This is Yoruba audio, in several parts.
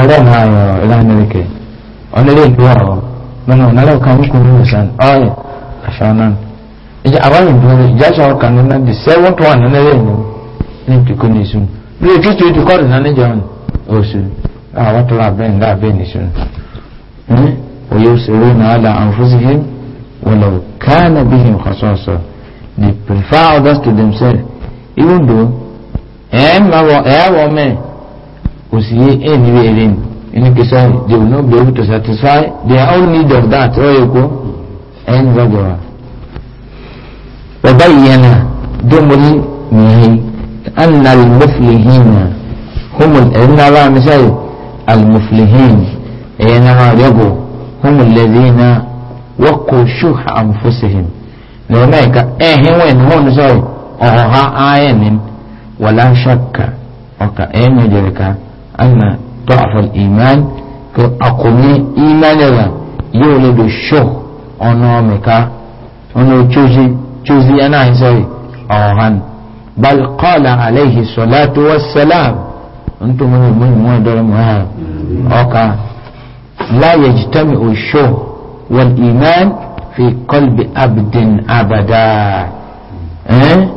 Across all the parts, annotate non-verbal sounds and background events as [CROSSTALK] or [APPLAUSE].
ọ̀rọ̀ náà yọ ìlànìrìkè ọ̀nẹ́lẹ̀ ìdúrà ọ̀ lọ́nà ọ̀nàlẹ̀ ọ̀kan ní kùnú ìsàn ọ̀yẹ̀ àṣàánà ìjà àbáyé ìdúrà ìjà ṣe ọkàn nínú the seventh one ọ̀nẹ́lẹ̀ ìlú ní ìtìkú ní ìsún ní ìtútù ìtìkọ́ rẹ̀ náà níjà oṣù àwọn tó rà bẹ́ẹ̀ ńlá bẹ́ẹ̀ nìṣún òye òṣèré náà àlà àǹfọ́síhìm wọ̀lọ̀ kánà bí him kọ́sọ́ọ̀sọ́ they prefer others to themselves even though ẹ̀ẹ́ wọ́n mẹ́ẹ̀ usiye any way in any case they will not be able to satisfy their own need of that or you go and rajwa وبين دمري نهي أن المفلحين هم إن الله مثال المفلحين إنما يقو هم الذين وقوا شح أنفسهم لأنك إيه وين هون سوي أوها آيين ولا شك أوكا إيه جريكا أن ضعف الإيمان أقومي إيمانا يولد الشح أنامك أنه جوزي جوزي أنا إنسان أوهان بل قال عليه الصلاة والسلام أنتم من من من أوكا لا يجتمع الشح والإيمان في قلب عبد أبدا أه؟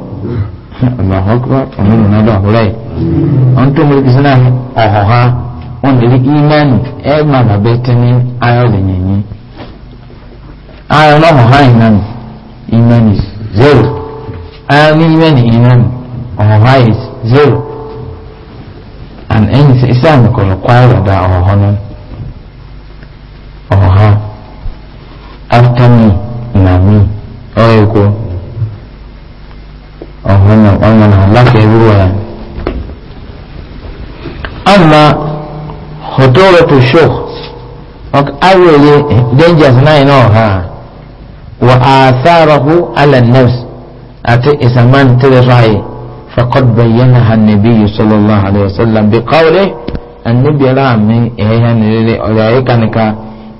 Allahu Akbar ọmọdé náà dọ̀ ọ̀húrẹ́ yìí ọ̀n tó mọ̀lẹ́kì sínú àmì ọ̀họ̀há wọn lè rí ìmánì ẹ̀ máa bàbẹ́ tẹ́ni ayọ̀ lè yẹn yín ayọ̀ lọ́họ̀há ìnáni ìmánì zero ayọ̀ ní ìmánì ìnáni ọ̀họ̀há is zero and ẹ̀yìn sẹ́ isẹ́ àmì kọ̀ọ̀lọ̀ kọ́ ayọ̀ dá after me na me ọ̀yẹ̀kọ́ ọ̀hún ọ̀nà aláṣẹ ìwúrò ẹ̀. ama hotoro to show ọkà awèrè dangers náà náà ha wà á sárahu alannas àti ìsàmán tẹ́lẹ̀ ráyè fakọ́d bayyana ha nàbí yìí sallallahu alayhi wa sallam bí kawulẹ̀ annabi rami ẹ̀yà nílẹ̀ ọ̀rọ̀ ayé kanika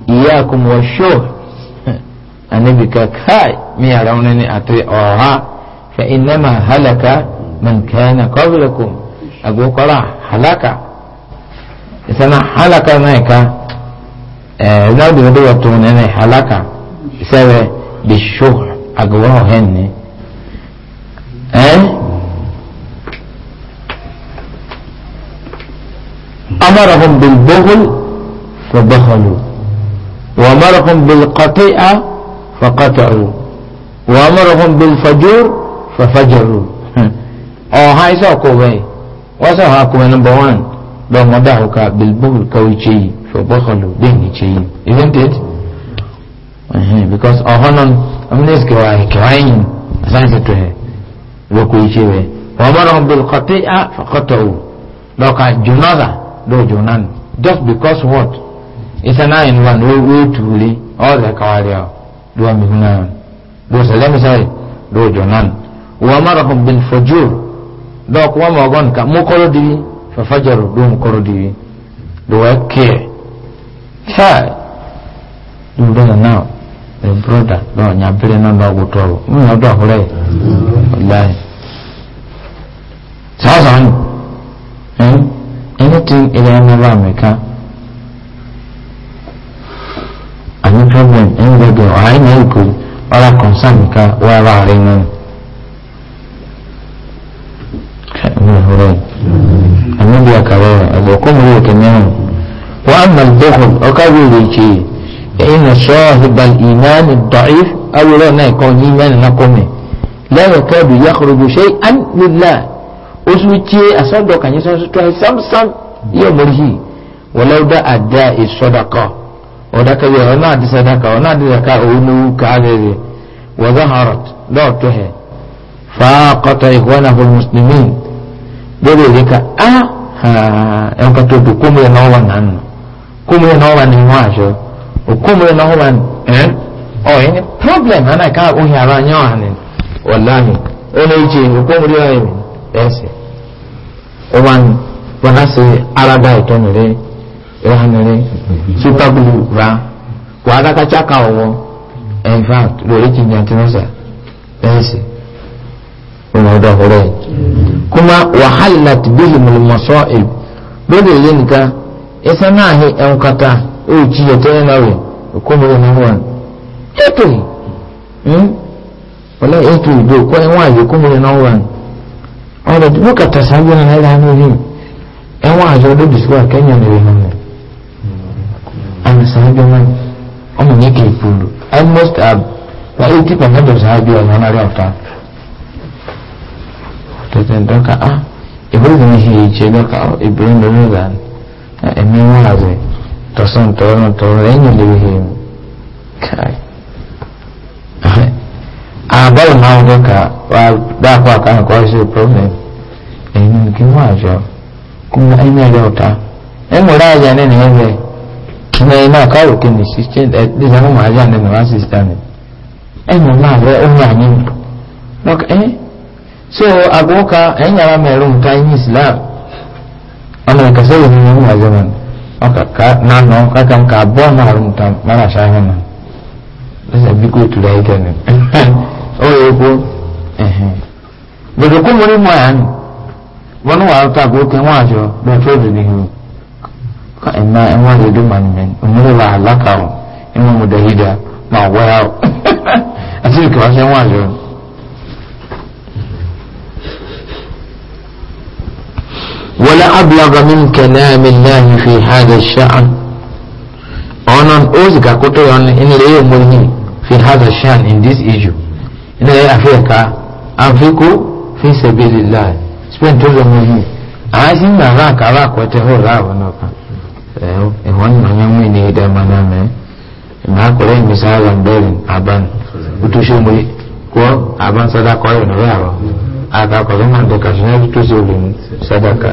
ìyá kuma wa show annabi ka kai mi àti ọ̀ha. فإنما هلك من كان قبلكم أبو قرع هلك إذا هلك مايكا آه، لو دي مدوة تونيني هلك سوى بالشوح أقواه هن أه؟ أمرهم بالبغل فبخلوا وأمرهم بالقطيئة فقطعوا وأمرهم بالفجور fafajaru hmm. ọha isa kowe wasa ha kuma number one don wada hauka bilbul kawai ce yi fafajaru bin ni ce yi isn't it hmm. because ọha nan amina is kewaye kewaye asan se tuhe lo ko ce we wa mara bil qati'a faqatu lo ka junaza lo junan just because what it's a nine one way to really all the kawari do mi huna do salami sai do junan وأمرهم بالفجور دوك وما غنك مو قردي ففجروا دوم قردي دوكي شاي you don't know the brother no nyabire no no gutobo mna do hore wallahi sasa ni eh anything ile na ba meka ani problem ende go ai na ku ora concern ka wa ba re نهرين النبي كريم أبوكم ليك منهم وأما البخل أكبر شيء فإن صاحب الإيمان الضعيف أو لا نكون إيمان نقوم لا يكاد يخرج شيئا لله أسوتي أصدق أن يسوي سمسم يمره ولو دا أداء الصدقة ودك يهنا دي صدقة ونادي زكاة ونو كعجزي وظهرت لا تهي فاقت إخوانه المسلمين dole ne ka ah, a yan ka to ko mu na wan nan ko mu na wan ni wa jo o oh, ko mu na wan eh o oh, ni problem ana ka o ya ra nyo ani wallahi o oh, ne ji ko mu ya ni ese o wan wana se ara ba to ni re o han ni super blue ra wa da ka chaka owo in fact lori ti nyantinasa ese o na da hore kuma wahalat bihimul masa'ib dole yin ka isa na en kata o ci ya to na we ko mo na wa eto hmm wala eto do ko en uh, wa yo ko mo na wa ala du ka ta na ni en wa do kenya ne na ne an na o mo ni ke pulu i must 80% na na ra ta tẹ̀sán dọ́kà á ìbéèrè mi hì ìjẹ́ dọ́kà ó ìbéèrè mi ló dà ẹ̀mí wọ́n àzẹ̀ tọ̀sán tọ̀rọ̀ tọ̀rọ̀ ẹ̀yìn lè hì mí káì. àbọ̀lù náà wọ́n dọ́kà wá dáàpọ̀ àkàrà kọ́ ṣe problem ẹ̀yìn kí wọ́n àjọ kúmọ̀ ẹ̀yìn ẹ̀yọ̀ ọ̀tá ẹ̀mọ̀rá àjà ní ẹ̀yìn ẹ̀yìn na ina kawo ke ne shi ce da ɗin zama ma ajiya ne na wasu islami ai mu ma zai umma ne ɗauka eh so abuka en yara mai rum ta yin islam amma ka sai yin yin azaman aka ka na no ka kan ka bo na rum ta mara shahin nan sai bi ko tura ita ne [LAUGHS] o yo ko eh eh da ko mun mu an wani wa ta ko kan wa jo da to da ni ka en ma en wa da du man men umuru la halaka in mu da hida ma wa asiri ka wa sai wa jo ولا أبلغ من كلام الله في هذا الشأن أنا أوزك كتر أن إن لا يؤمنني في هذا الشأن in this issue إن لا أفيك أنفقوا في سبيل الله spend to the money asi na ra kara ko te ho ra wono ka eh won na nyam ni da mana me na ko le mi sa wan dolin aban utu shomri ko aban sada ko yo na ra akakɔzɔma dekasina tutuze olemu sadaka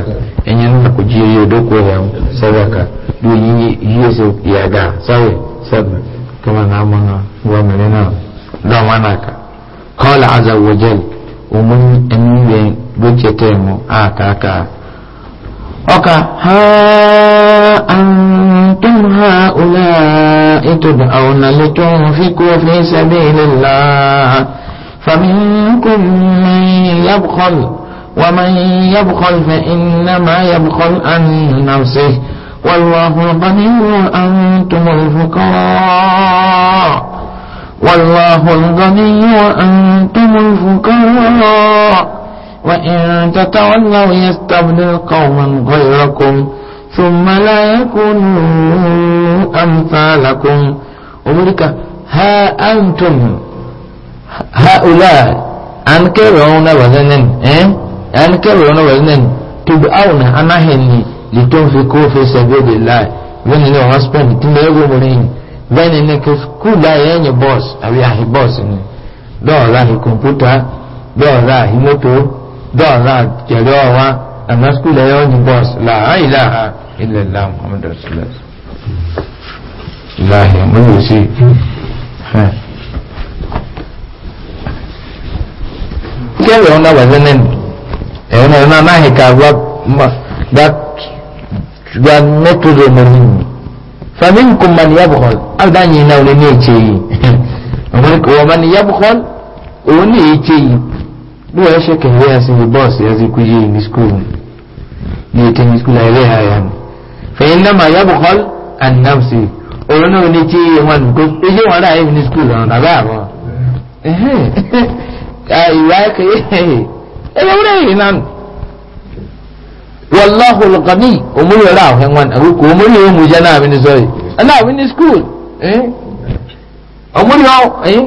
enyanu na kujiyoyo dokweyam sadaka do yiyese yaga sawe sabe kama namana wamelena damanaka qala aza wajal umun enibe aka aka, oka ha antum ha haulai tud'auna litunfiku fi sabilillah فمنكم من يبخل ومن يبخل فإنما يبخل عن نفسه والله الغني وأنتم الفقراء والله الغني وأنتم الفقراء وإن تتولوا يستبدل قوما غيركم ثم لا يكونوا أمثالكم أمريكا ها أنتم هؤلاء أنكرون وزنن أنكرون وزنن تبعون أنهن لتنفقوا في سبيل الله bẹ́ẹ̀ni ní ọ̀hán spain tí mo yẹ́gbọ́ mọ́ lẹ́yìn bẹ́ẹ̀ni ní kí skul láyé ẹ̀yìn bọ́ọ̀sì àbí àhì bọ́ọ̀sì ni dọ́ọ̀lá àhì kọ̀mpútà dọ́ọ̀lá àhì mọ́tò dọ́ọ̀lá jẹ̀rẹ̀ ọ̀wá àmọ́ skul ẹ̀yọ́ ní bọ́ọ̀sì láàáìlà ilẹ̀ ilá muhammadu rasulillah láàyè mo yóò sí. kẹwẹ ọ̀nà wẹ̀sẹ̀nẹ̀ ẹ̀wọ̀n ẹ̀wọ̀n náà náà hìkà wá wá mẹ́tòdò mọ̀lì mi fàmí nkùn mà ní yàbùkọ́l àbúdáyìn náà ní ní èkyè yìí ọ̀wọ̀n mà ní yàbùkọ́l òun ní èkyè yìí bí wọ́n ṣe kẹ̀wé ẹ̀sìn ní bọ́ọ̀sì ẹ̀sìn kú yé ní skul ní ètè ní skul ẹ̀rẹ́ àyà mi ìyá ẹ̀kẹ́ ẹ̀yẹ wúlẹ̀ yìí náà wàláhù lùkàní òmùrì ọ̀rọ̀ àwọn ẹ̀wọ̀n àgùkù òmùrì ọ̀hún jẹ́ náà mi ní sọ́yì ẹ̀nà àmì ní skul òmùrì ọ̀hún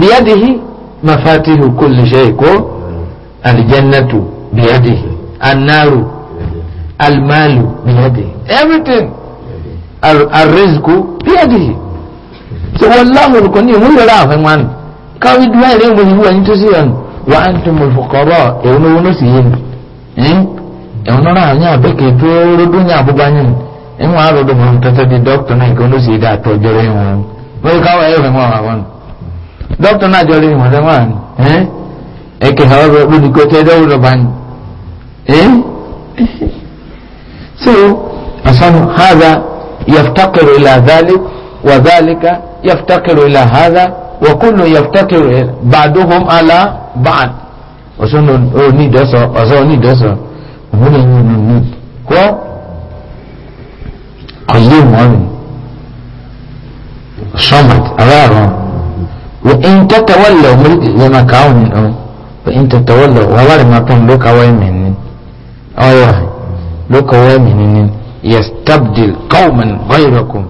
bíyàdìhì mafatihu kulli shay ko aljannatu biyadihi annaru almalu everything ar arrizqu biyadihi so wallahu lukuni mun yara afan wani káwí dúró ẹ̀rẹ́ ìwé ìwé ẹni tó sì rẹ̀ wà á tún mọ̀ fọ̀kọ̀rọ̀ ẹ̀wọ̀n owó náà sì yé mi ẹ̀wọ̀n náà rà ní àbẹ́kẹ̀ tó rọ́dún ní àbúgbá yẹn ẹ̀wọ̀n àròdùn mọ̀ tẹ́tẹ́ di dókítà náà ìkànnì sì dá àtọ́jọ́ rẹ̀ wọn. wọ́n ká wà ẹ̀rọ ìwọ̀n àwọn dókítà náà jọ rí ìwọ̀n rẹ̀ wọ́n ẹ̀kẹ́ however olùkọ́ tẹ́ dọ́wọ́ rẹ̀ bá ní. so asanu hada yaftakiru ila dhalik wa dhalika yaftakiru ila hada وكل يفتقر بعضهم على بعض وشنو او ني دسو اسو ني دسو ومن ني ني كو عظيم وعلم صمت أرارا وإن تتولوا ملك لما كاوني أو فإن تتولوا وغير ما كان لوكا ويمنين أو يوحي لوكا ويمنين يستبدل قوما غيركم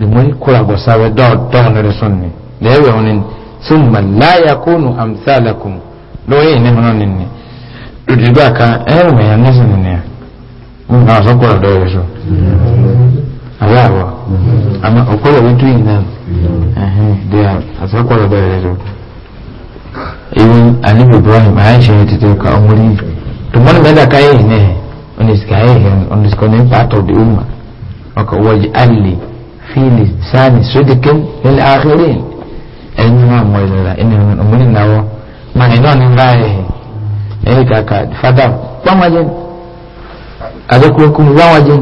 لمن كلا بسابة دون رسولني lẹ́wẹ̀ wọn ni súnmà láyà kónù àmsálàkùn lórí ìnẹ́mọ̀nà nìní lójúgbà kan ẹ̀rùn èèyàn ní sínú ni wọn náà sọ́kọ̀ ọ̀dọ́ rẹ̀ sọ aláàbọ̀ àmọ́ ọ̀pọ̀lọ̀ wí tú ìnà dé àsọ́kọ̀ ọ̀dọ́ rẹ̀ sọ ewu alif ibrahim aisha ya tito ka omuri to mon meda ka yi ne on is ka yi on is connect part of the ummah waka waji alli fi lisani sudikin lil akhirin ẹni máa mọ ìlera ẹni ọmọdé náwó máa ní náà ní ńlá ẹ̀hẹ̀ ẹ̀yẹ kàkà fada báwọn jẹ́ àdókòókò báwọn jẹ́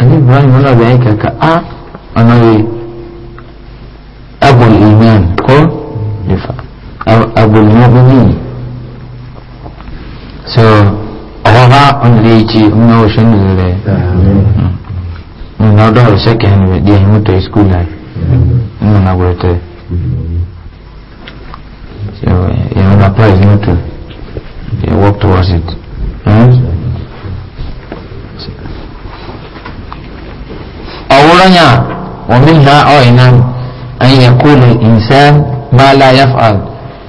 ẹni ibrahim náà bẹ̀yẹ kàkà á ọ̀nà so ọ̀rọ̀ bá ọ̀nà yìí ti ọ̀nà òṣèlú ni wẹ̀ díẹ̀ ní mọ́tò ìskúlẹ̀ nínú you enterprise you to you work towards it ọwụrọnya hmm? ọmịnna ọịna anyị ekulu nse mala yafal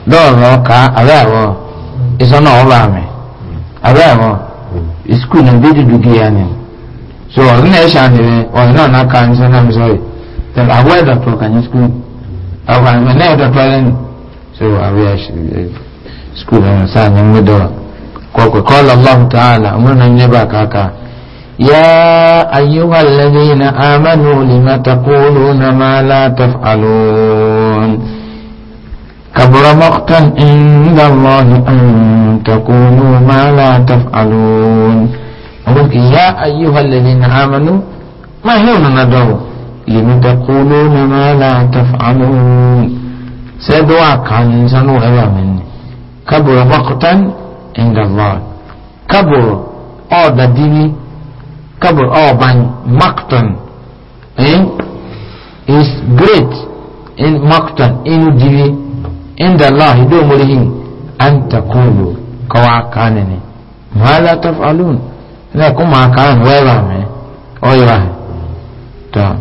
dọrọ ka abịarọ isọna ọrụ amị abịarọ iskul na mbejudu gị ya ni so ọdụ na-eche anyịrị ọdịna n'aka nsọ na nsọ then agwa ịdọtụ ka anyị skul agwa ịdọtụ anyị so awia school na saa nye mmedoa kwa kwa kala Allah ta'ala umana nyeba kaka يا أيها الذين آمنوا لما تقولون ما لا تفعلون كبر مقتا عند الله أن تقولوا ما لا تفعلون يا أيها الذين آمنوا ما هي ندعو لما تقولون ما لا تفعلون sai du'a kan insan whatever minni kabura maqtan inda Allah kabur o da dini kabur o ban maqtan eh is great in maqtan in dini inda Allah do murihin an takulu kawa kanene ma la taf'alun na kuma kan whatever me o yawa ta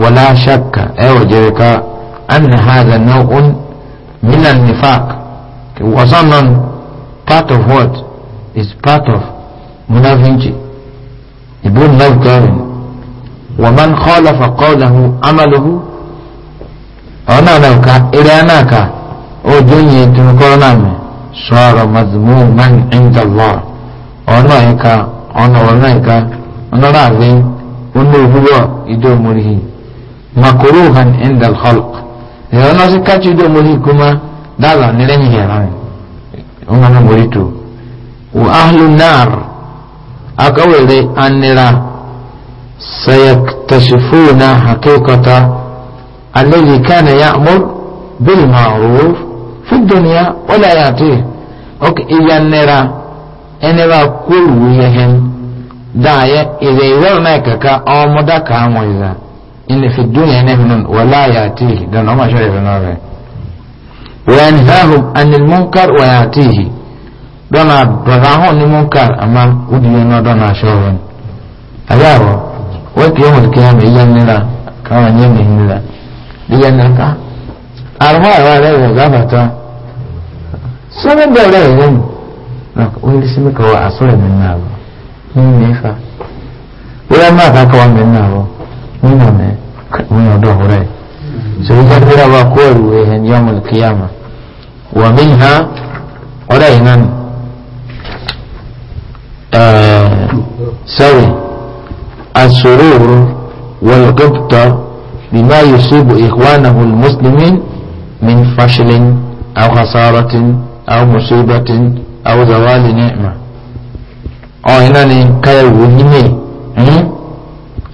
wala shakka ay eh, wajeka أن هذا نوع من النفاق وصلا part of what is part of منافنجي يبون لو كان ومن خالف قوله عمله أنا لو كان إلى أنا أو دنيا تنقرنا صار مذموما عند الله أنا هيك أنا ọ̀nà ìka ọ̀nà láàrin onú òwúrọ̀ ìdó mọ̀rìhìn makoro han indal ìran náà sí káàtì ìdó mórí ìkómá dáàbà nílẹ́yìn ìyàrá rẹ̀ ọmọ náà mórí tó wò áhùlù náà akọ̀wéré anira sayaktasifuna hakikata alẹ́yìn kánà ya mọ́ bíi màrúwó fúdùnìyà wọ́n láyà tó yẹ ọkọ̀ ìyá nira ẹni bá kúrò wúyẹ hẹ́n dáa yẹ ìrẹ̀ ìrẹ̀ náà kàkà ọmọdé kàá wọ̀nyí rẹ̀. إن في الدنيا نهن ولا يأتيه دون هما شرف نوره وينهاهم عن المنكر ويأتيه دون برهون المنكر أما ودينا دون شرف أجابه وك يوم القيامة ينلا كما ينلا لينلا أرمى ولا يغفتا سنة دولة يوم ويلي سمك هو أصلا من نابو من نفا ويما فاكوا من نابو من نابو dohure so yi zafira ba kowarwe hen yawon kiyama wa min ha ƙwarai nan sorry السرور والقبط بما يصيب إخوانه المسلمين من فشل أو خسارة أو مصيبة أو زوال نعمة أو هنا كيو هنا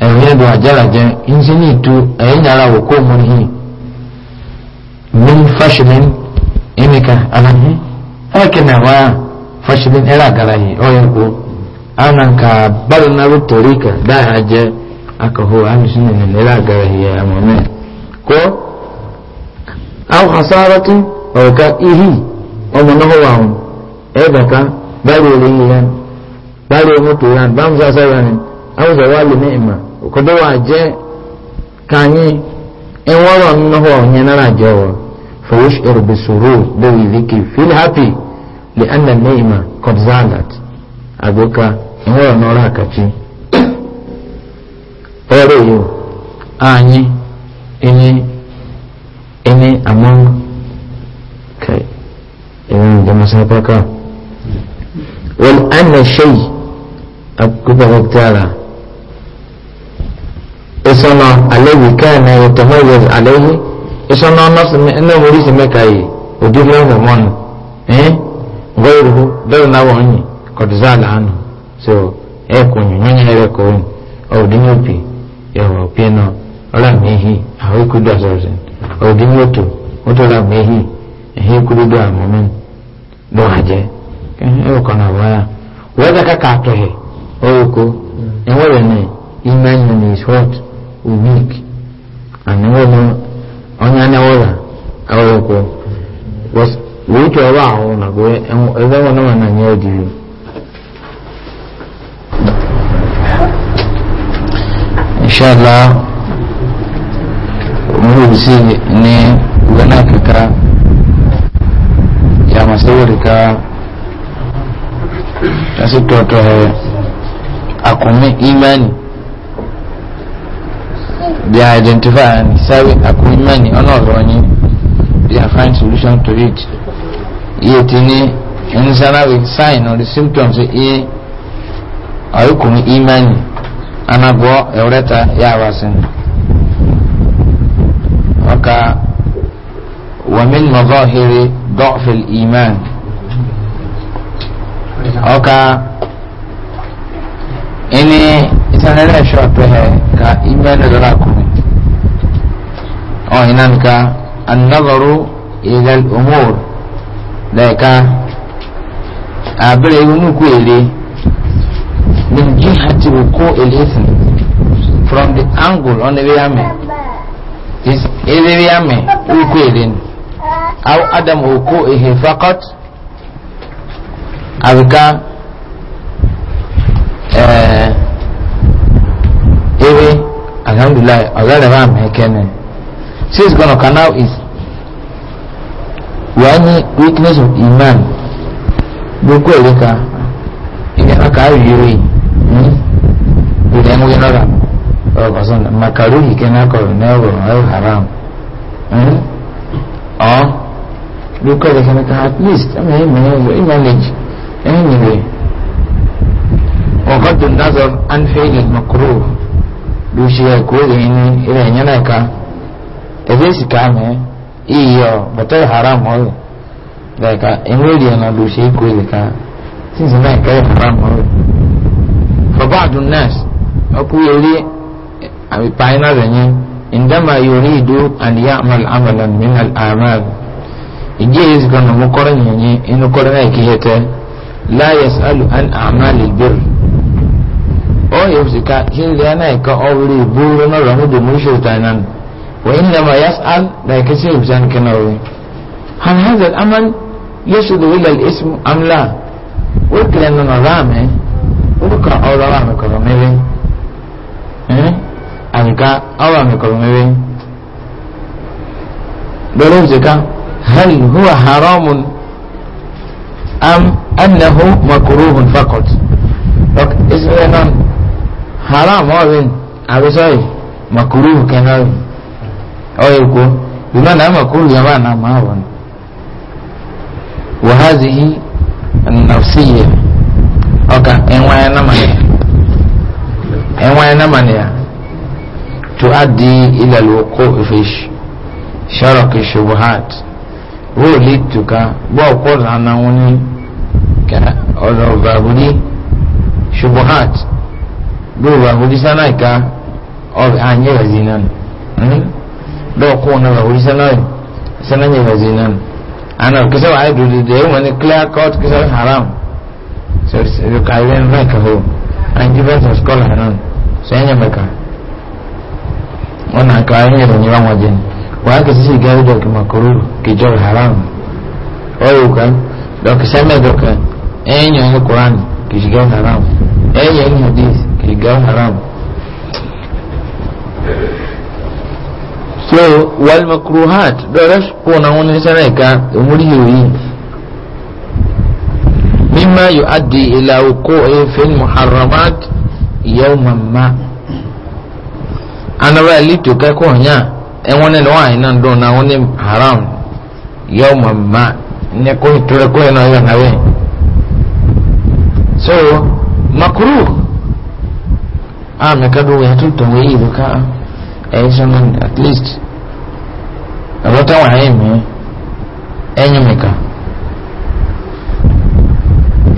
ẹ̀rọ ẹ̀dọ̀ àjálàjẹ́ ń sí ní ìtú ẹ̀yìn ara òkú òmùn yìí min fashilin ẹnìkà aláhìn ẹ̀kẹ́ náà wá fashilin ẹ̀rọ àgàrà yìí ọ̀yẹ́ kú ana ka bari na ru torika ka ha je aka ho ami sunu ne ne la gara hiya amame ko aw hasaratu aw ka ihi o mo no wa hun e ba ka bari ri yan bari mo to yan bam sa sa yan aw zawali ni'ma okodo wa je kanyi enworo nnoho onyenara jowo fawushir bisurur dawi dhiki feel happy lianna neima qad zalat agoka enworo nora akachi ere [COUGHS] yo anyi enyi enyi among kai enyi jama sapaka wal anna shay agoba waktara ìsọ̀nà àlẹ́yìí káàna ìtọ́mọ́ ìyẹn àlẹ́yìí ìsọ̀nà ọ̀nà oríṣi mẹ́ka yìí òdúró ọ̀nà mọ́nu ẹ́n ngọ́ ìrùhù bẹ́ẹ̀ náà wọ́n yìn kọ̀dùsá làánù so ẹ̀ kò yìn wọ́n yẹn rẹ̀ kò wọ́n ọ̀dún yóò pè ẹ̀rọ pé náà ọ̀là méhì àwọn ikú dọ̀ sọ̀rọ̀sẹ̀ ọ̀dún yóò tó ó tó ra méhì ẹ̀hìn ikú dọ̀ àmọ́ mi lọ́ àjẹ́ ẹ̀rọ kan náà wáyà wọ́n dàkà kàtọ̀ ẹ̀ ọ̀rọ̀ kó ẹ̀wọ́n rẹ̀ ní ìmọ̀ ẹ̀yìn ní ìṣọ́ọ̀tù weak ànáwó mọ ọnyá náwó rà ẹwọ kọ wòótọ́ ẹwà àwọn nàgó ẹgbẹ́ inshallah, náà nàá nyẹ ẹdìrí. inshàlá olùsí ní ugana kíkà yàmàsẹ́wòrìkà yàtọ̀ tọ̀tọ̀ ẹ̀ àkùnmí ìmánì they are identified and sabi akuimani ọ̀nà ọ̀rọ̀ yín they are find solution to it Yet, ti ní nsana with sign or the symptoms iye eh, ọ̀rẹ́kùnrin imani anagbọ́ ẹ̀rẹ́ta yà wá sí ni ọkà wàmí mọ̀gọ́hìrì dọ́fìl iman ọkà ẹni ìtàn ẹ̀rẹ́ ẹ̀ṣọ́ àpẹẹrẹ ka ìmẹ́lẹ̀ lọ́la kùnrin ọ̀hìn náà nìka anagọ̀rọ̀ ilẹ̀ òmùr lẹ́ẹ̀ka ku ìwúnukú èlé ní jíhàtì òkú èlésìn from the angle ọ̀nà ìwé àmì ìwé àmì òkú ku ni àwọn adam ku èhè fakọ́t àbíká ẹ̀ẹ́. Eh, alhamdulillah ọ̀gá rẹ̀ máa mẹ́ kẹ́nu six gbọ́nà kan now is wàá ní weakness of iman gbogbo ẹ̀rí ka ìyẹn náà kàá rí rí ìrẹ̀ ń wí náírà ọ̀rọ̀ sọ̀n makaroni kẹ́nà kọ̀rọ̀ náírà ọ̀rọ̀ haram ọ̀ lókè ọ̀rẹ́ kẹ́nà kan at least ẹ̀mí ẹ̀yìn mi náà ẹ̀yìn knowledge ẹ̀yìn mi rẹ̀ ọ̀gọ́dùn náà sọ unfailed makro lucia kuodini ile nyeneka ezesi kame iyo batoyo haramu oyo leka emwelio na lucia ikueleka sinzi nekayo haramu oyo fabadu nnas okuyeli abipaina zenye indama yuridu an yamal amalan min al amal ijie yezikono mukoro nyenye inukoro naikihete la yasalu an amali lbirri oyo zika hili yana ka obri buru na ramu da mushi tainan wa inda ma yas'al da kace ibsan kanawi hal hadha al-amal yasud ila al-ism am la wa kana nazame uka awara me ko mele eh anka awara me ko mele dole zika hal huwa haramun am annahu makruhun faqat ok isra haram ọrin àrísọ́yì makuru kẹrin ọ̀rẹ́ èkó bímọ na makuru ya náà máa wọ̀ ni wàhálì yìí nàfsíyẹ ọkà ẹnwáyà nàmàlẹ̀ adi ilẹ̀ lóko ìfẹ̀ṣ sọ̀rọ̀kì ṣubuhat wọ́ọ̀lì tùkà bọ́ọ̀kọ́ lànà wọn ni ọ̀rọ̀ bàbúrí dɔw ba hodisa na ka ɔbɛ a nyɛ wazi na no dɔw kɔɔ na ba hodisa na sana nyɛ wazi na no ana kisɛ wa ayɛ dodo clear cut kisɛ haram so so ka yɛ nfa ka ho and different of scholar na no so ɛnyɛ mɛka ɔna ka ayɛ nyɛ nyɛ wa wɔgye wa aka sisi gari dɔ kama koro kijɔ haram ɔyɛ kan dɔ kisɛ mɛ dɔ kan ɛnyɛ ɔyɛ koran kishigɛ haram ɛnyɛ ɔyɛ hadith riga haram so wal makruhat dɔwɛrɛ kɔnna ŋun ni sɛnɛ ka omuri heroin mimma yu adi ila ko e fil muharramat yawma ma anaba lito kɛ kɔ nya ɛŋɔn ne wa ina dɔn na ŋun haram yawma ma ne ko tura ko ina yɔ na so makruh a na kado ya tutun wai ibu ka a yi at least a wata waye mai enyi mai ka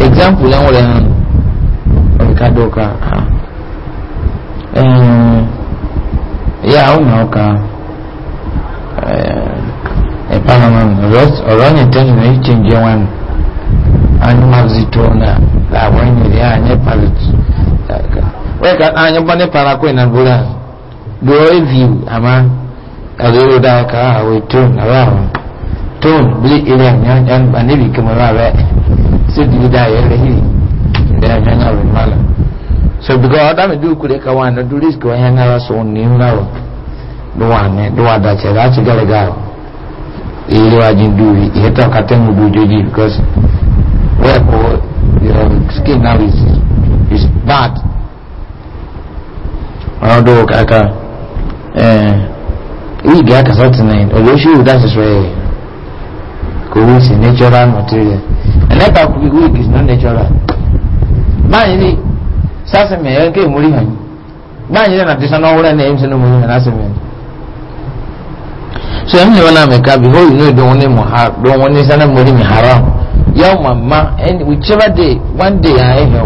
example yan wuri hannu wani kado ka a ya hau na ka a panama ọ̀rọ̀ ni tẹ́lẹ̀ ní change one animal zito na làwọn ènìyàn ní palette weka anya bane para kwe na bula do view ama alero da ka hawe tun awa tun bli ile nya yan bane bi kuma ba ba so di da ya rehi da nya na ba mala so bigo ada me du kure ka wan do risk wa yan na so ni na ro do wa ne do wa da che da che gare ga ile wa jin du he to ka ten mu joji because where you know skin now is is bad ọ̀nà dọ̀wọ̀ kàkà wíìgì àkàsọ̀ tìǹẹ̀ olóṣèlú that is rare kò wí sí natural material ẹ̀lẹ́ta kò wíìgì is not natural báyìí ni sásìmì ẹ̀ kéè mórí hàn báyìí ni àti sanwó wúrẹ́ ní ẹ̀yìn sínú mórí hàn lásìmì so ẹ̀mí ni wọn náà mẹ̀ka bí hóyì ní ìdó wọn ní mọ̀há ló ní sanwó mórí mi haram yàwó màmá ẹni whichever day one day àyẹ̀ hẹ̀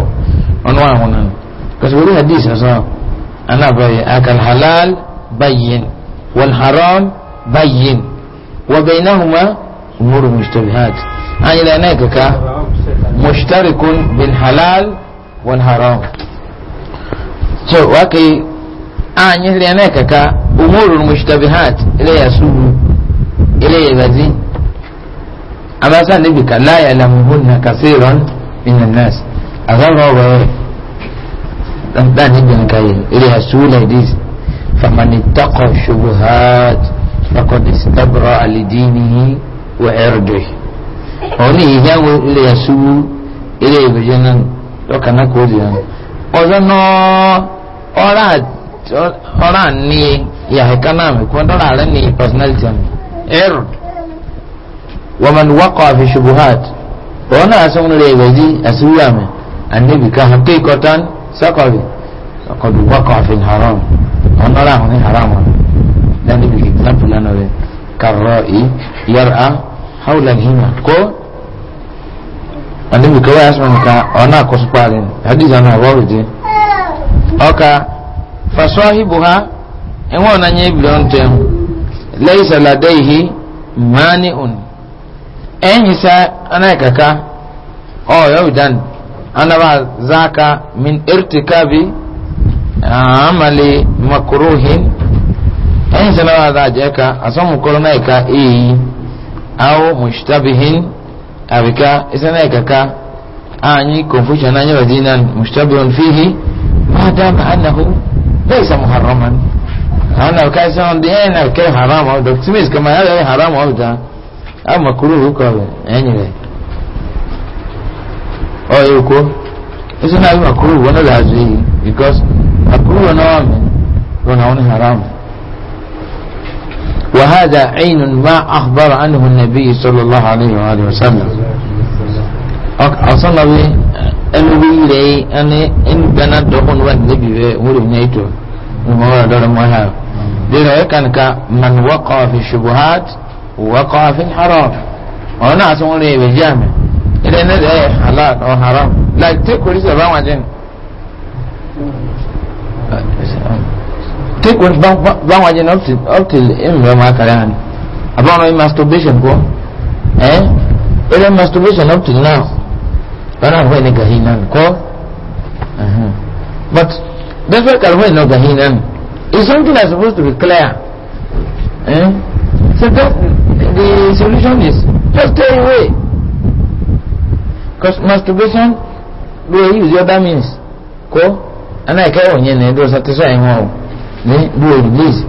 ọ̀nà àwọn náà kòsìwòrì hadith ọ̀sán. أنا بي أكل حلال بين والحرام بين وبينهما أمور مشتبهات أي لا نكك مشترك بالحلال والحرام سو وكي أي لا نكك أمور مشتبهات إلى يسوع إلى يبدي أما سنبك لا يعلمهن كثيرا من الناس أغلب dan ni bin kai ili hasul hadis faman ittaqa shubuhat faqad istabra li dinihi wa irdihi oni ya wo ili hasul ili bijanan to kana ko diyan ozono ora ora ni ya hekana mi ko dora re ni personality mi ird wa man waqa fi shubuhat ona asun le gaji asuyame annabi ka sọ́kọ̀rì ọkọ̀dù wọ́kọ̀ àfin haram ọ̀nọ́rà àwọn ní haram wọn lẹ́nu bí example lánàá rẹ̀ kàrọ̀ ì yọ̀rọ̀ haulan hima kó ọ̀nà ìbùkẹ́ wáyà sọ̀rọ̀ nǹkan ọ̀nà àkọsọ parí hadith àná ọ̀rọ̀ rẹ̀ dé ọkà fasọ́ hìbò ha ẹ̀wọ̀n ọ̀nà yẹn ibìlẹ̀ ọ̀n tẹ̀ lẹ́yìn sàlàdé ìhí mání òní ẹ̀yìn sá anáyẹ̀kàká ọ̀yọ́ ìdánù annaba zaka min irtikabi ah, amali makruhin ayin sanawa za je ka a san mukuru na ika iyi aw mushtabihin abika isana ika ka anyi confusion anyi wadinan mushtabihun fihi ma dama annahu laysa muharraman ana ka san da yana kai haram da kuma kama ya haram wa da amma kuru ko enyi ọ̀rẹ́ oko ẹsẹ̀ náà yóò àkúrò wọn lọ́la àjò yìí because àkúrò náà mi wọn àwọn haram. وهذا عين ما أخبر عنه النبي صلى الله عليه وآله وسلم أصلا به أنبي لي أن إن بنا دخل والنبي ولو نيتو نمرا دور مهاب لذلك يكن من وقع في الشبهات وقع في الحرام أصلا لي بالجامع ilẹ̀ ní ẹ̀ halal or haram like take oríṣi ẹ̀ bá wọn jẹun take oríṣi bá wọn jẹun up till ìmìíràn máa kàrí hàn About ọmọ masturbation kọ ẹ ilẹ̀ masturbation up till now báwọn àwọn ẹni gàhí náà kọ but dẹ́fẹ́ kàlùfẹ́ ìnáwó gàhí náà is something that's supposed to be clear eh? so that the solution is just stay away because masturbation do you use other means ko ana ka won yen ne do satisfy won o ni do you please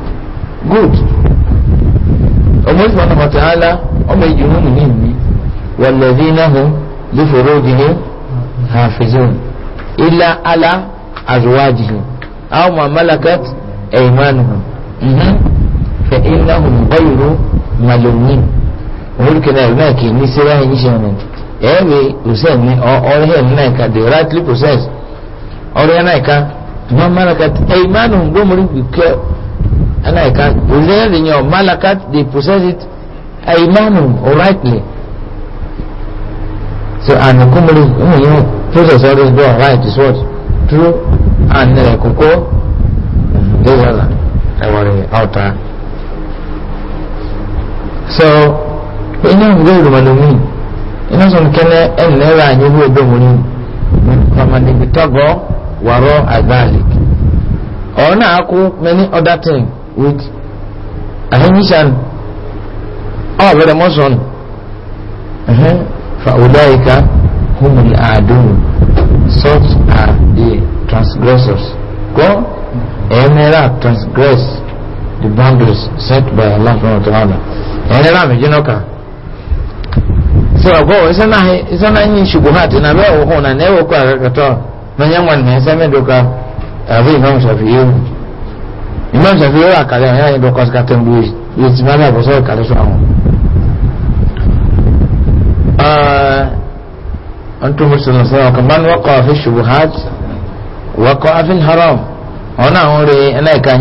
good mm-hmm. ọmọdé wọn kọta ala ọmọ ìjì múmi ní ìmí wàlẹ́dí náà hù lófòrò ògìní hàfizun ilá ala àzùwájìhù àwọn ọmọ amalakat ẹ̀yìnmánu hù fẹ̀ iná hù bọ́yìrú màlúmi òun kìnnà ìrìnà kì í ní sẹ́wáyé níṣẹ́ ọ̀nà every process ni ọrẹ náìka they rightly process ọrẹ náìka wọn malakat ẹ̀yìnmánu gbọmọrí kẹ náìka òṣìṣẹ́ rẹ̀ yàn malakat they process it ẹ̀yìnmánu rightly so and gbọmọrí ọmọ yẹn process always go right is what true and kókó ẹ̀yọ́la ẹ̀wọ̀rẹ̀ ọ̀tá so ẹ̀yìn náà gbọ́dọ̀ mọ̀lẹ́mí ina sun kene en lera anyi hu ebe muri famani bitago waro adalik or na aku many other thing with ahinishan oh very much on fa ulaika humul adun such are the transgressors go enera transgress the boundaries set by Allah subhanahu wa ta'ala enera mejinoka sọrọ bọ ẹsẹ náà ẹsẹ na yin ṣubu ha na bẹẹ wọ hàn na ẹ wọ kọ àkàtọ náà yẹn wọn ẹsẹ mẹdọka ya imam ṣàfihàn wọn imam ṣàfihàn wọn àkàlẹ ọ̀hún yẹn dọkọ ṣìkà tẹ̀ ń bú yìí ti máa أنتم مرسلون سلام كمان وقع في الشبهات وقع في الحرام أنا كان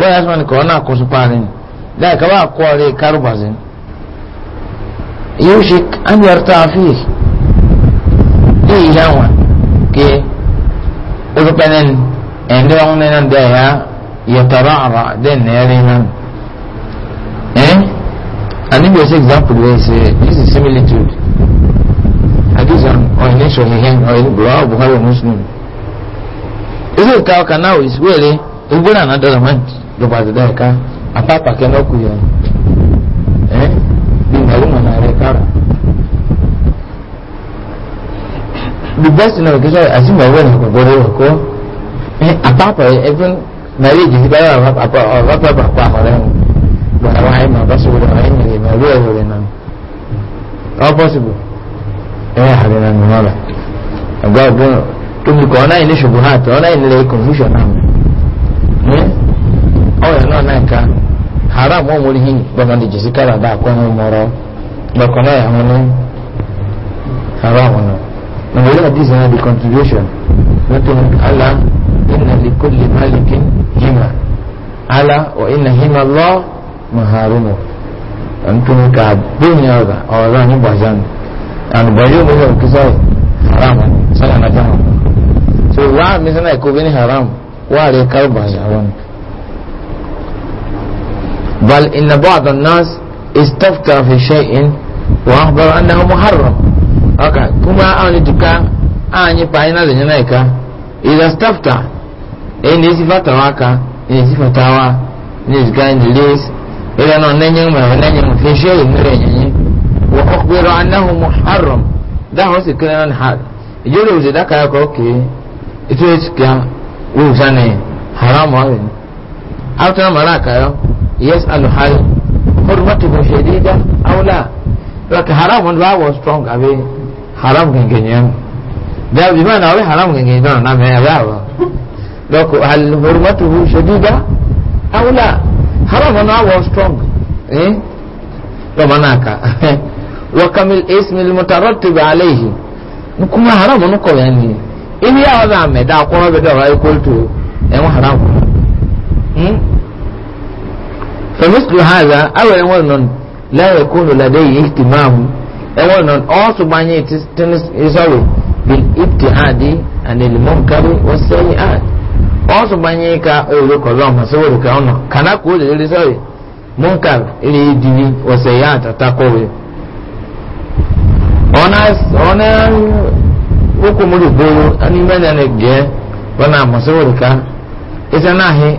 wọ́n yà ní kọ́ọ̀nà àkóso parí ni láì kaba àkọ́ọ̀rẹ́ kárùbàzí yóò ṣe ányàrá tá a fi lè yí láwọn ké olùpẹ̀lẹ̀ ẹ̀ndẹ́ ọ̀hún nínú dẹ̀ yá yẹtọ̀rọ̀ àrà dẹ̀ nẹ́ẹ̀rẹ́ náà ẹ̀ àníbẹ̀ ṣe example rẹ̀ ṣe this is similitude adizan ọ̀hìn ẹ̀ṣọ̀ hìhẹ́ ọ̀hìn bùrọ̀ àbúhárẹ̀ muslim. ilé ìka ọkà náà is wẹ́ẹ̀rẹ́ ìgbóná náà dọ̀rọ̀ mọ́tì dubati da ka apa pake no ku ya eh di ngaru mana kara the best na ke sai asi ma wa ko bore ko eh apa pa even mari ji ba wa apa wa pa pa kwa hore ba wa ai ma basu da ai ni ma ruwa hore nan all possible eh hare nan mala agba gbo to mi ko na ile shubuhat ona ile confusion na ọ̀rẹ́ náà náà ká haram wọn wọlé yìí gbọ́dọ̀ lè jèsí kára bá akọ́nù mọ́rọ́ lọ́kàn náà yàwọn ní haram náà nàìjíríà dísè náà di contribution lọ́tọ̀ ala iná lè kó lè má lè kí jìmà ala ọ̀ iná hìmà lọ́ mọ̀hárùmọ̀ ntumi ka bóyá ọ̀rọ̀ ọ̀rọ̀ ní bàjẹ́ ni àlùbọ̀ yóò mú yọ̀ kíkọ́ haram sọ́yà náà dáhùn so wàá mi sẹ́nà ẹ̀kọ́ bí ní haram wàá rí kárùbà yàrá ni. بل إن بعض الناس استفتى في شيء وأخبر أنه محرم أوكي كما أني تكا أني باينا ذنينيكا إذا استفتى إن دي سفتى واكا إن دي سفتى واكا إن دي سفتى إذا ننين ما في شيء نرين وأخبر أنه محرم ده هو سكرنا الحال يقولوا إذا ذاك أوكي إتويتك وزني حرام هذا أو تنا ملاك يا يسأل هل حرمته شديدة أو لا لك حرام أن بابا سترونج أبي حرام كان كنيان ده بمعنى أبي حرام كان كنيان نعم يا بابا لك هل حرمته شديدة أو لا حرام أن بابا سترونج إيه طبعناك وكم الاسم المترتب عليه نكما حرام نكو يعني إيه يا أبا عمي ده أقول بدأ رأي قلت إيه حرام فمثل هذا أول ونن لا يكون لديه اهتمام ونن also بني يسوي بالابتعاد عن المنكر والسيئات also بني كا أولوك الله مسؤول كأنه كان أقول يسوي منكر إلي ديني وسيئات تقوي أنا أنا hukumu da boro an yi mana na gaya wana masu wurka ita na he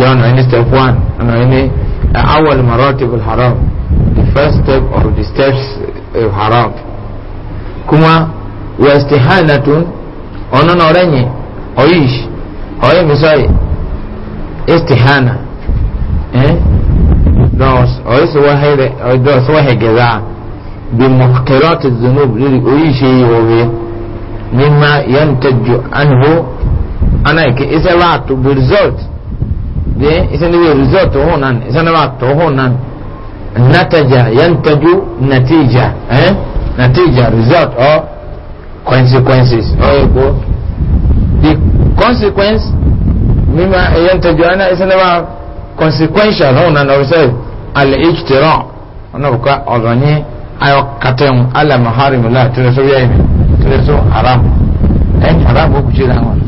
yà ọ̀nà ẹni step one ọ̀nà ẹni uh, awal maratib haram the first step of the steps of uh, haram kuma west hanatun ọ̀nà na ọ̀rẹ́ yẹn ọ̀yíṣ ọ̀yẹ́ mi sọ́yẹ̀ istihana ẹ̀ ọ̀yẹ́ sọ́wọ́ hẹ̀gẹ̀dá bí mọ̀kẹ́rọ́tì zunub lórí ọ̀yíṣ yìí wọ̀wé mímá yẹn tẹ̀jú ánìhó anáyẹ̀kẹ́ iṣẹ́ wàá tó result then isan da result to honan isan da to honan nataja yantaju natija eh natija result o consequences o oh, go the consequence mima yantaju ana isan da consequential honan or say al ijtira ona buka odonye ayo katem ala maharim la to so yayi to so haram en eh, haram ko kujira ngwan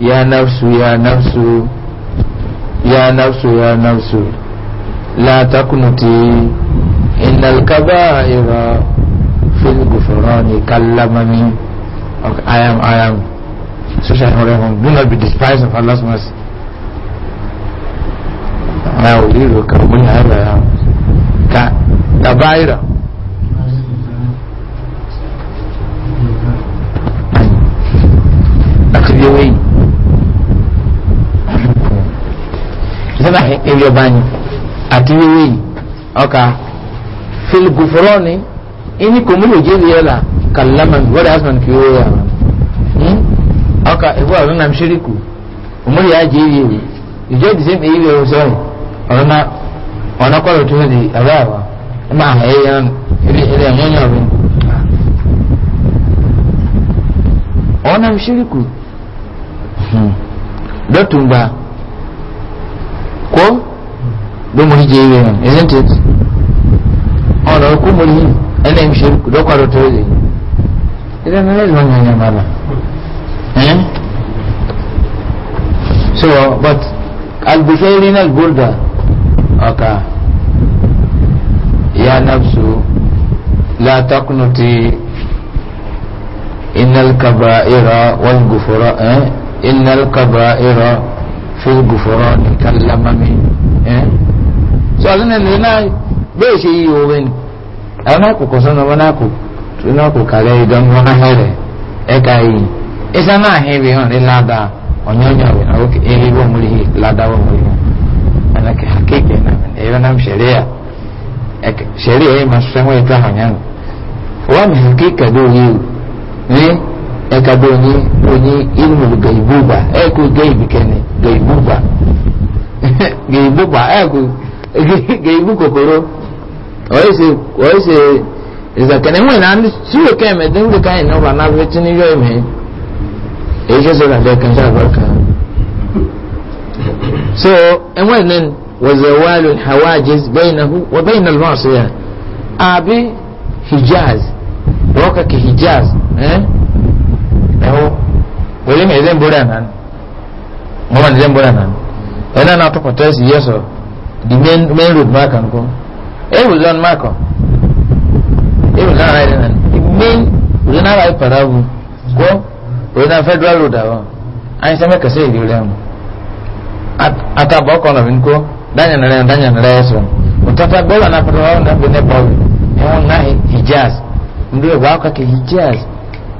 يا نفس يا نفس يا نفس يا نفس لا تقنتي إن الكبائر في الغفران كلمني okay, I am I am social harassment do not be despised of Allah's mercy أنا أريد كمن هذا كبائر أخذ يوين nínú ilé ọba yìí àti wíwí yìí ọkà filigufurọ́ọ̀nì ìní kòmúlò jẹ́lì ẹ̀là kàlámàn wọ́n asman kì í wọ́ yàrá hmm? ọkà ìwọ ọ̀rọ̀ nàm ṣíríkù òmúlò yà jẹ́ ìyè rẹ̀ ìjọ ìdí sẹ́mi ìyè rẹ̀ sọ́ọ̀rì ọ̀rọ̀ náà ọ̀nà kọ́lọ̀ tó di ẹ̀rọ àwa ẹ̀ máa hẹ̀ ẹ̀yẹ ilé ẹ̀mú yàn rẹ̀ ọ̀nàm ṣíríkù dọ́tùngbà. Hmm ló mú ìjẹ ìwé isn't it ọ̀nà òkú mú yìí ẹni ẹ̀ ń ṣe lọ́kọ̀ àdó tó lè ilé ní ẹ̀rọ ní ẹ̀yàn bàbà so but agbèfẹ́rí náà gbóòdà ọ̀kà ìyá nàbsù látàkùnùtì ìnàlkàbà ìrọ̀ wọ́n gùfọ̀rọ̀ ẹ̀ ìnàlkàbà ìrọ̀ fún gùfọ̀rọ̀ nìkan lámàmì ẹ̀ so ọdún ẹni náà bẹ́ẹ̀ ṣe yí owó ni àwọn náà kò kọ̀sọ́nà wọn náà kò tó náà kò kàlẹ́ ìdánwò wọn náà hẹ̀rẹ̀ ẹ̀ka yìí ẹ̀sán náà hẹ̀rẹ̀ hàn ní ládà ọ̀nyọ́nyọ́ rẹ̀ náà ókè ẹ̀rí wọ́n múlẹ̀ yìí ládà wọ́n múlẹ̀ yìí ẹ̀nà kéèké náà ẹ̀rọ náà ṣẹ̀ríà ṣẹ̀ríà yìí máa sẹ́wọ́n ètò àhànyánu wọ́n mi kéèké dó yìí ní ẹ̀ka dó ní oní ìlú gẹ̀ẹ́bùbà ẹ̀kú gẹ̀ẹ́bì kẹ́ni gẹ̀ẹ́bùbà gẹ̀ẹ́bùbà ẹ̀kú gèébú kòkòrò ọ̀yẹ́ sè ọ̀yẹ́ sè ìzàkẹ́ni wọn náà síwò kẹ́mẹ̀ tí ń gbé káyìn náà wà náà fi tí ní yọ ìmẹ̀ èyí ṣe sọ̀rọ̀ àfẹ́ kan sáà so ẹ̀wọ̀n ní wọ̀zẹ̀wálù hawajiz bẹ́yìnàhu wọ bẹ́yìnà lọ́sọ̀yà àbí hijaz rọ́ọ̀kà kì hijaz ẹ̀wọ̀ wọlé mi ẹ̀zẹ̀ ń bọ̀rẹ̀ àná wọn ni ẹ̀zẹ̀ ń bọ̀rẹ̀ àná ẹ̀ náà náà tó pàtẹ́sì the main main road mark and go it was on mark it was not right and the main was not right parabu go was on federal road awon and some ka say you learn at atabo kono winko danya na danya na yeso utata gola na federal na bene pawi ewon na hijaz ndio wa ka ke hijaz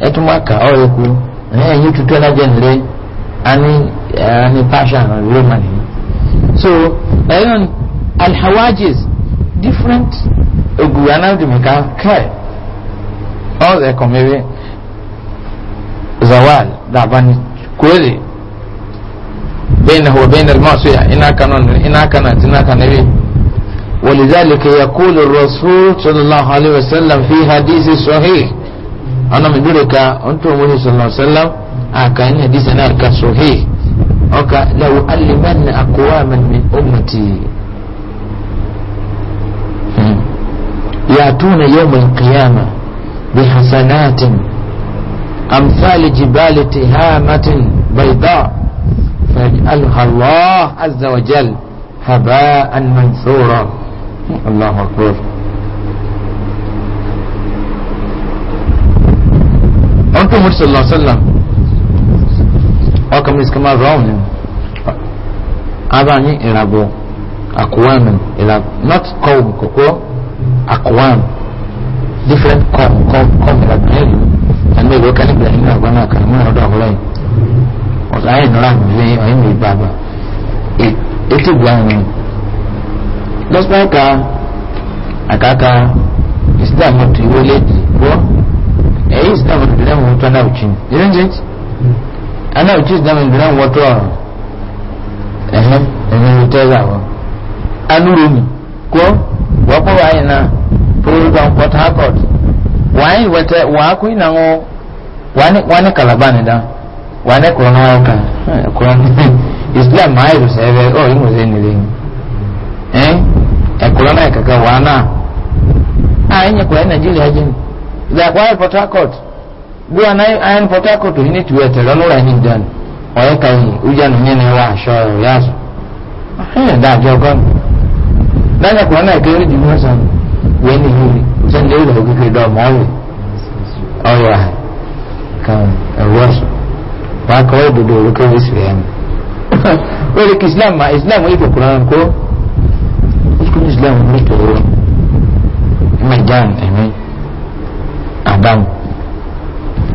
etumaka oyoku na yin tutu na jenre ani ani passion roman so ẹ̀yọ́n alhawajis different ogun anamdimika kai all the community zawal daban kore بينه وبين المعصية إن كانون إن كانت إن كان نبي ولذلك يقول الرسول صلى الله عليه وسلم في حديث صحيح أنا من ذلك أنتم صلى الله عليه وسلم أكان حديثنا صحيح. لو علمن أقواما من أمتي يأتون يوم القيامة بحسنات أمثال جبال تهامة بيضاء فيجعلها الله عز وجل هباء منثورا الله أكبر أنتم صلى الله عليه وسلم ọkàn mi sì máa rọ ọ̀nà abáyé ìràbọ̀ àkùwánù ìràbọ̀ not com kòkó àkùwánù different com com com ìràbọ̀ ẹ̀rì ẹ̀mí ìlú kan níbi ẹ̀yìn àgbà náà kàn mú ọ̀dọ̀ ọ̀rọ̀ yìí ọ̀sán ayé ìnura mi ọ̀yìn mi bàbà ètò e, ìgbà mi lọ́sọ̀rọ̀ ká àkàkà islam tó ìwé lẹ́dí wọ́n ẹ̀yìn islam tó dẹ́mu tó náà wùchí isn't it ana uchi zama ndina watu wa ehe ehe uteza wa anurumi ko wapo wa ina puru kwa Port Harcourt wai wete wako ina ngo wane wane kalabani da wane kurana waka kurana islam mairu sebe oh imu zeni lingi eh ekulana kaka wana ah enye kwa ina jili hajini za kwa Port Harcourt gua na ayan port harcourt yìí ní tìwé ẹ̀tẹ̀ lọ́lọ́ra yìí dàn ọ̀yẹ́ ka yìí ojà nù yẹn ní wà aṣọ ẹ̀rọ yá sọ ẹ̀yẹ̀ dá àjọ ọgọ́n lẹ́yìn ẹ̀kọ́ náà kí ẹ̀rí dìbò sàn wẹ́n ní ìlú sẹ́ńdẹ̀ ìlú òkèké dọ̀ mọ́ ọ̀rẹ́ ọ̀yà kan ẹ̀wọ́ sọ wà á kọ́ ìdodo orúkọ ìsìlẹ̀ yẹn wọ́n rí kí islam ma [LAUGHS] islam yìí kò kúrò náà kó ìkúrò islam ní tòwó ẹ̀mẹ̀jáàn ẹ̀mí àdáhùn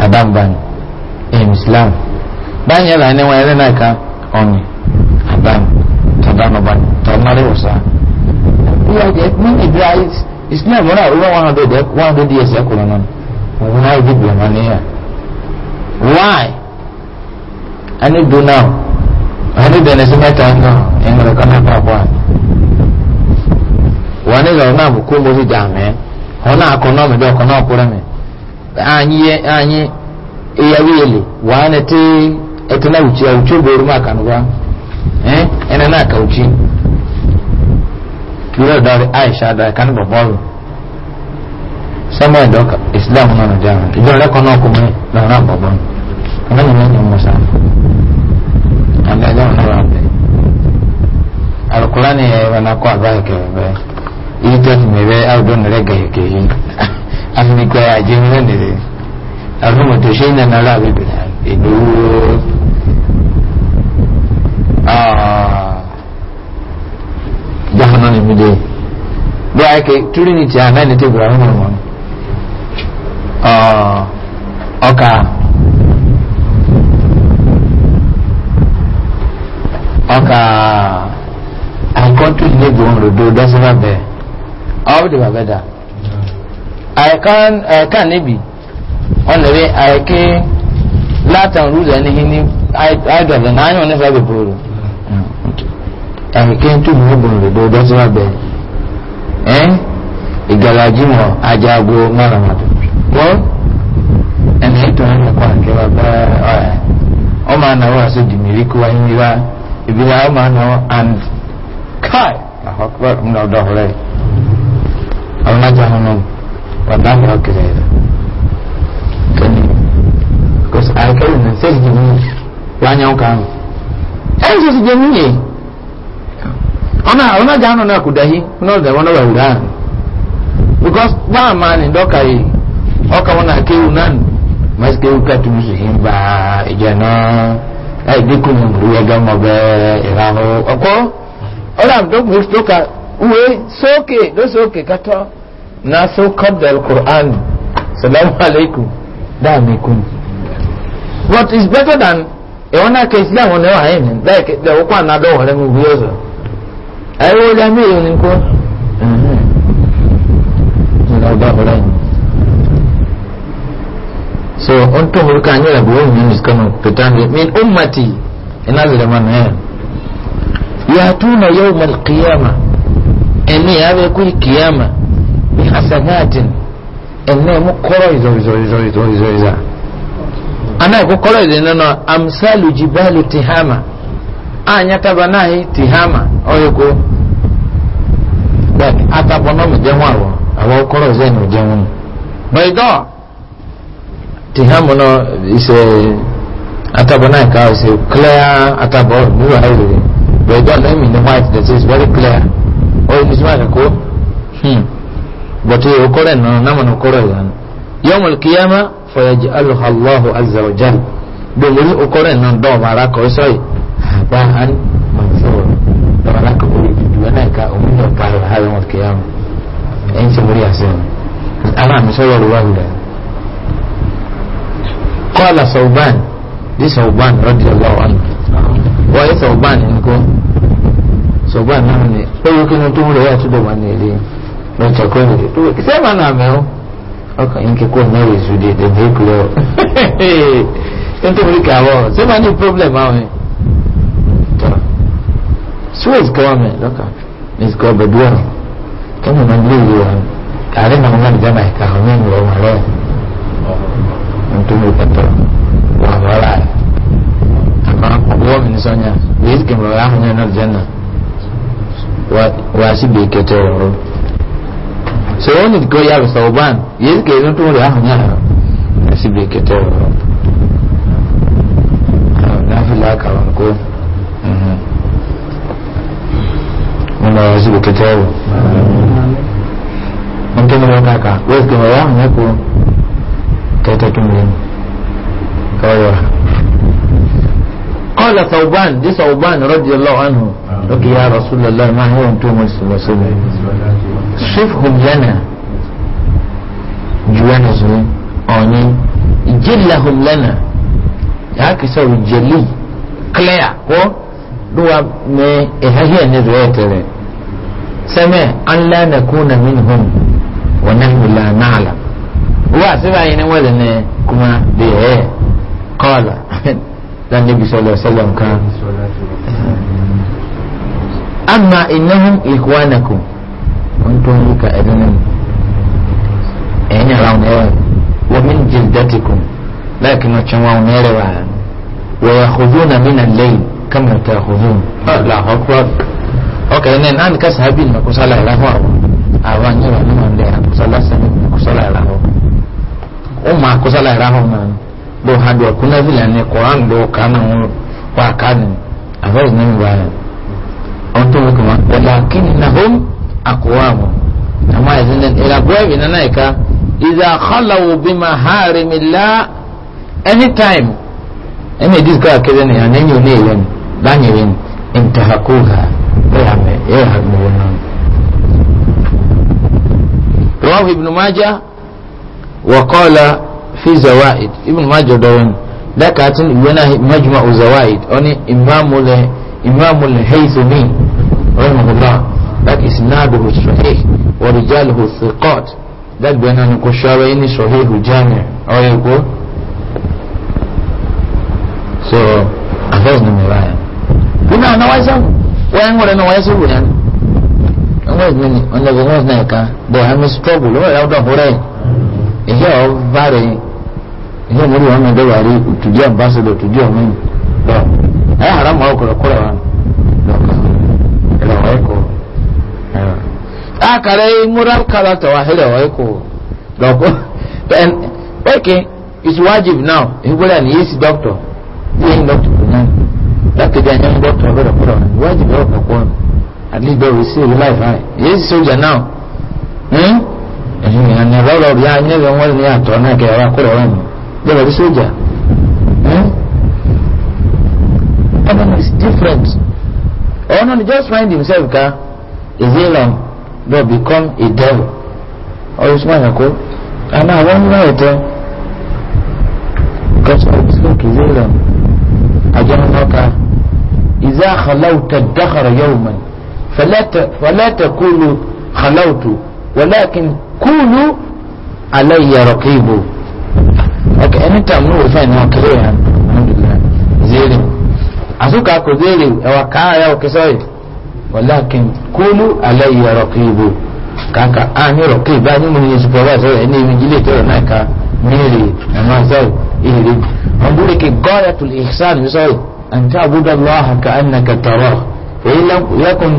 adambani ẹ̀yìn islam báyìí ẹ̀rọ ẹni wọn ẹ̀rẹ́ na ká ọ̀nì adam tọ́dánọba tọ́nárẹ́ ọ̀sá ìyá jẹ́ ní ìdí ayé islam wọn àwọn ọlọ́wọ́n náà dọ̀dọ̀ wọn àdó díẹ̀ sí ẹ̀kọ́ náà wọn náà yóò bìbìrì wọn níyà why i need do now i need do ẹnẹsẹ mẹta náà ẹnu rẹ kọ́nà pàpọ̀ à wọn ní ìlọrin náà kó mo ti dà mẹ́ wọn náà kọ́ náà mi dọ̀ kọ́ náà kúrẹ́ mi anyi anyi eyawele wane te etena uchi ya uchi goru makanwa eh ena na ka uchi kiro dare aisha da kan bobo sama doka islam na jama ido le kono ko me na na bobo kana ni ni musa anda da na rabe alqurani wana kwa ba ke be ido ni be au don rege ke afinikwaya jẹun nìrẹ àwọn mọ̀tò ṣe ìnà náà ráwẹ̀ bẹ̀rẹ̀ ìlú jahana ni mi dé bí a kẹ trinity àná ní tẹ́gbẹ̀rẹ̀ àwọn ọmọ wọn ọkà ọkà àkọ́ntù nígbòhùn ròdó dọ́sílẹ̀ bẹ́ẹ̀ ọ́ bí dẹ̀ àìkán àìkán níbi ọ̀nàrí àìké látàn rúdà níhi ní àìdọ̀dọ̀ náà yàn nífẹ̀ẹ́ bẹ̀ bòrò. àìké túbú ní bòrò rẹ̀ dọ́dọ́ sí wàbẹ̀ ẹ́ ìgbàlájì mọ̀ ajago márùn-ún wọ́n ẹ̀nà ètò ẹ̀ nípa àkẹ́wà bá ọ̀rẹ́ ọmọ ànáwó àṣẹ dìmírí kó wáyé wá ìbílẹ̀ ọmọ ànáwó and kai àkọ́kọ́ ọ̀rẹ́ ọ̀rẹ́ ajá hàn náà wallahi haka zai da kani because a kai nan sai su jini wani yawon kanu ɗan sai su jini ne ona ona jano na kudahi no da wana wa uran because ba mani doka yi oka wana ke unan mas ke uka tumusu himba ijana ai diku mru ya gamo be irano oko ora do mix doka uwe soke do soke kato na saukar da alkur'ani salamu alaikum da mai kun what is better than e wana ka islam wana wa yin da ke da ko na da hore mu biyo ai wo da me yin ko na ba hore so on to mu kan yara bo min is kana fitan min ummati ina da man ya eh? yatuna yawm alqiyamah eni ya be ku kiyama bi hasanatin ene mu koro izo izo izo izo izo izo ana ko koro izo nana amsalu jibalu tihama anya tabanahi tihama oyoko bẹẹni atabono mi jẹun awọ awọ koro izo ẹni jẹun bẹẹdọ tihama no ise atabonahi ka ise clear atabo nuru ayiri bẹẹdọ lẹmi ni white that is very clear oyin ni sinmi hmm bọ̀tí okọ́rẹ̀ náà námọ̀nà okọ́rẹ̀ lánà yọmọ kìyàmá fọyàjì alùhàlọ́hù azàwọ̀já gbogbo ní okọ́rẹ̀ náà dọ̀ọ̀mà arákọ̀ sọ́yì àbá án mọ̀nsọ́rọ̀ dọ̀ọ̀mà arákọ̀ orí dúdú wọn náà ká òun yọ kárọ̀ ha yọmọ kìyàmá ẹ̀yìn tí mo rí àṣẹ wọn àmà mi sọ́rọ̀ rẹ̀ wá wùdà. kọ́lá sọ̀bán dí sọ̀bán rọ́dí ọlọ́wọ́ wọ́n yẹ sọ̀bán nìkan sọ̀bán náà ni ó yẹ kí ni tó ń rẹ̀ wá túbọ̀ wà ní ilé yẹn na chakoni kisema na ameo oka inkikuwa nawe zudi the break leo ente mulika awo sema ni [LAUGHS] problem awe siwezi kawame loka nizikuwa bedua kama nanglili wa kare na mwana jama ikahomeni wa umare mtu mulipata wa wala ama uwa minisonya wizike mwa wangu nyo na jana wa asibi ikete wa so wọ́n ní kó yàgò sọ̀bán yìí kì í ní tó rẹ̀ ahùn náà ẹ̀sì bí kẹtẹ́ ọ̀rọ̀ náfìlà kàwọn kó wọn lọ ẹ̀sì bí kẹtẹ́ ọ̀rọ̀ wọn tó ní wọn kàkà wọ́n kì í wọ́n ahùn náà lókè ya rasulallah máa ń wọ́n tó mọ̀ sí lọ́sọ̀rọ̀ swift hulana juwana zuwa ọ̀nì ìjìlá hulana ya kì sọ ìjẹ̀lì clear kọ́ lówà mẹ́ ìhàhíà ní rẹ̀ tẹ̀rẹ̀ sẹ́mẹ̀ allah na kúnà min hun wa nahnu la na'lam wa siba yin wala ne kuma da ya dan nabi sallallahu alaihi wasallam amma innahum ikhwanakum kuntum lika adnan ẹ̀yin ara wọn ẹ̀rọ wọ́n mi jildatikum láìkí ní ọ̀chẹ́ wọn ọ̀nà ẹ̀rọ wa wọ́n yà khudu na mi na lẹ́yìn kama ta khudu. ọ̀là ọ̀kọ́ ọ̀kẹ́ ẹ̀nẹ́ náà nìkan sàábì ní ọkọ̀ sálà ẹ̀rọ àwọn àwọn anyẹ́ wà nínú ọ̀lẹ́ àkọsálà sàmì ọkọsálà ẹ̀rọ àwọn. ó mọ àkọsálà ẹ̀rọ àwọn náà bó hadu ọ̀kúnnáfìlà ní kọ́ránù ló kánú wà kánú wa ọtọ kuma walakin nahum akwamu amma yanzu nan ila gwabi na naika idza khalaw bi maharimillah anytime ene diska kede ne ane nyu ne yen danye yen intahakuha ya me ya hamu wannan رواه ابن ماجه وقال في زوائد ابن ماجه دون ذكرت يونا مجمع زوائد اني امام له إمام الهيثمي رحمه الله that إسناده صحيح ورجاله الثقات that بأنه كشارين صحيح جامع أو يقول so أفضل من رأيه كنا أنا وين ولا أنا ويسان وين ọgbọ́n ìgbìn ni ọ̀nà ìgbìn wọn náà kan bọ̀ ẹ̀mí strọ́gù lọ́wọ́ ẹ̀yà ọdún ọ̀húnrẹ́ ìyá ọ̀bá rẹ̀ ìyá ìmúlò ọ̀nà ìdọ́wà rí òtùdí àmbásọ̀dọ̀ òtùdí ọ̀mẹ́yìn lọ́wọ́ ai haramu hau kura kura wani ilawai ko a kare moral character wa ilawai ko doko then okay it's wajib now ibula ni yesi doctor yin doctor kuna láti di anyan doctor lọ́dọ̀ kula, wani wajib yóò kọ̀kọ́ wani at least they will save life right yesi soldier now hmm? ẹ̀yìn ìrànlọ́rọ̀ bí i anyan wọn ni àtọ̀ náà kẹwàá kura wani bẹ́ẹ̀ bí soldier Adam is different. Or not just find himself ka Ezelam but become a devil. Oh is one ako. And I wonder know it. Because I spoke Ezelam. Again ka إذا خلوت الدخر يوما فلا فلا تقولوا خلوت ولكن كونوا علي رقيب. Okay, anytime no we find our career, alhamdulillah, zero. أسوك أكو ديلي أوكا أو كسوي ولكن كونوا علي رقيبو كاكا أني رقيب أني من يسبوا سوي إني من جليت أنا كا ميري أنا سوي إيري أقولك غاية الإحسان سوي أن تعبد الله كأنك تراه فإن لم يكن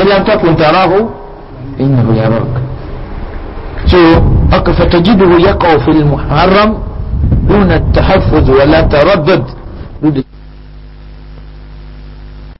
إن لم تكن تراه إنه يراك شو فتجده يقع في المحرم دون التحفظ ولا تردد بودك.